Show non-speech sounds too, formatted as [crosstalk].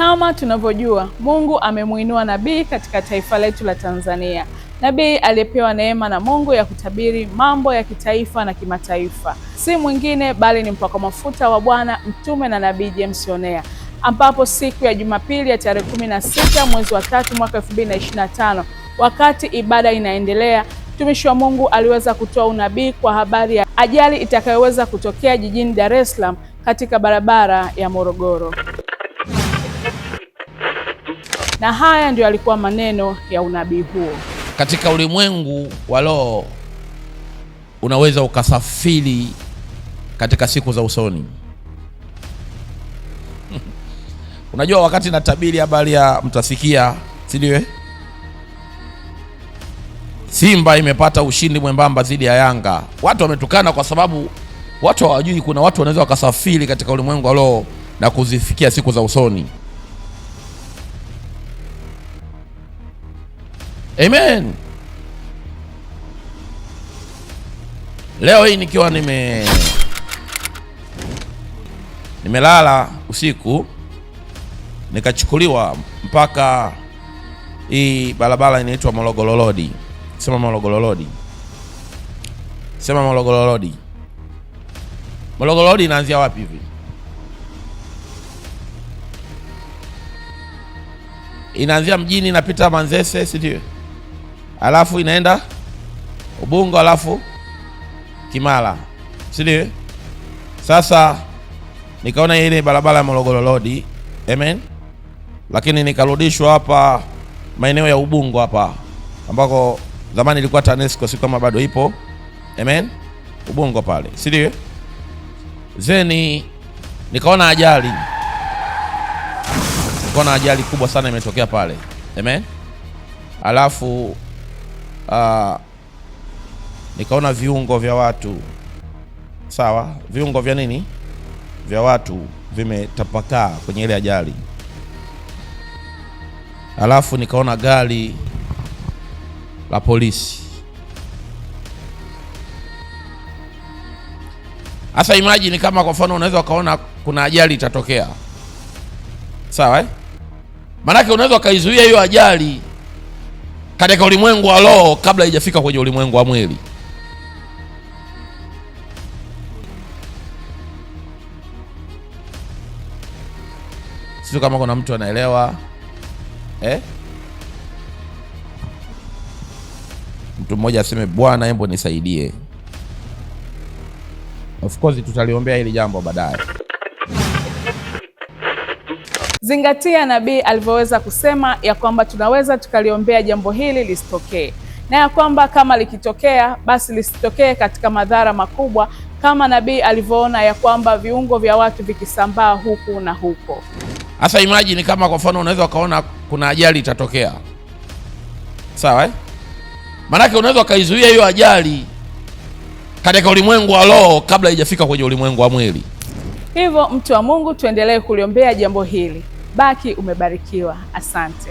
Kama tunavyojua Mungu amemwinua nabii katika taifa letu la Tanzania, nabii aliyepewa neema na Mungu ya kutabiri mambo ya kitaifa na kimataifa, si mwingine bali ni mpakwa mafuta wa Bwana mtume na nabii James onea ambapo siku ya Jumapili ya tarehe sita mwezi wa tatu mwaka tano wakati ibada inaendelea mtumishi wa Mungu aliweza kutoa unabii kwa habari ya ajali itakayoweza kutokea jijini Dar es Salaam katika barabara ya Morogoro na haya ndio yalikuwa maneno ya unabii huo. Katika ulimwengu wa roho unaweza ukasafiri katika siku za usoni. [laughs] Unajua, wakati natabiri habari ya mtasikia, si ndio? Eh? Simba imepata ushindi mwembamba dhidi ya Yanga. Watu wametukana kwa sababu watu hawajui kuna watu wanaweza wakasafiri katika ulimwengu wa roho na kuzifikia siku za usoni. Amen. Leo hii nikiwa nime nimelala usiku nikachukuliwa mpaka hii barabara inaitwa Morogoro Road. Sema Morogoro Road. Sema Morogoro Road. Morogoro Road inaanzia wapi hivi? Inaanzia mjini inapita Manzese, si ndio? alafu inaenda Ubungo, alafu Kimara, si ndio? Sasa nikaona ile barabara ya Morogoro Road, amen, lakini nikarudishwa hapa maeneo ya Ubungo hapa ambako zamani ilikuwa TANESCO, si kama bado ipo, amen, Ubungo pale, si ndio? Zeni nikaona ajali, nikaona ajali kubwa sana imetokea pale, amen, alafu uh, nikaona viungo vya watu sawa, viungo vya nini vya watu vimetapakaa kwenye ile ajali, alafu nikaona gari la polisi. Hasa imagine kama kwa mfano unaweza ukaona kuna ajali itatokea, sawa eh? Maanake unaweza ukaizuia hiyo ajali katika ulimwengu wa roho kabla haijafika kwenye ulimwengu wa mwili. Sio kama kuna mtu anaelewa eh? Mtu mmoja aseme Bwana, embo nisaidie. Of course tutaliombea hili jambo baadaye. Zingatia nabii alivyoweza kusema ya kwamba tunaweza tukaliombea jambo hili lisitokee, na ya kwamba kama likitokea basi lisitokee katika madhara makubwa, kama nabii alivyoona ya kwamba viungo vya watu vikisambaa huku na huko. Hasa imagine kama kwa mfano unaweza ukaona kuna ajali itatokea, sawa eh? Maanake unaweza ukaizuia hiyo ajali katika ulimwengu wa roho kabla haijafika kwenye ulimwengu wa mwili. Hivyo mtu wa Mungu, tuendelee kuliombea jambo hili. Baki umebarikiwa. Asante.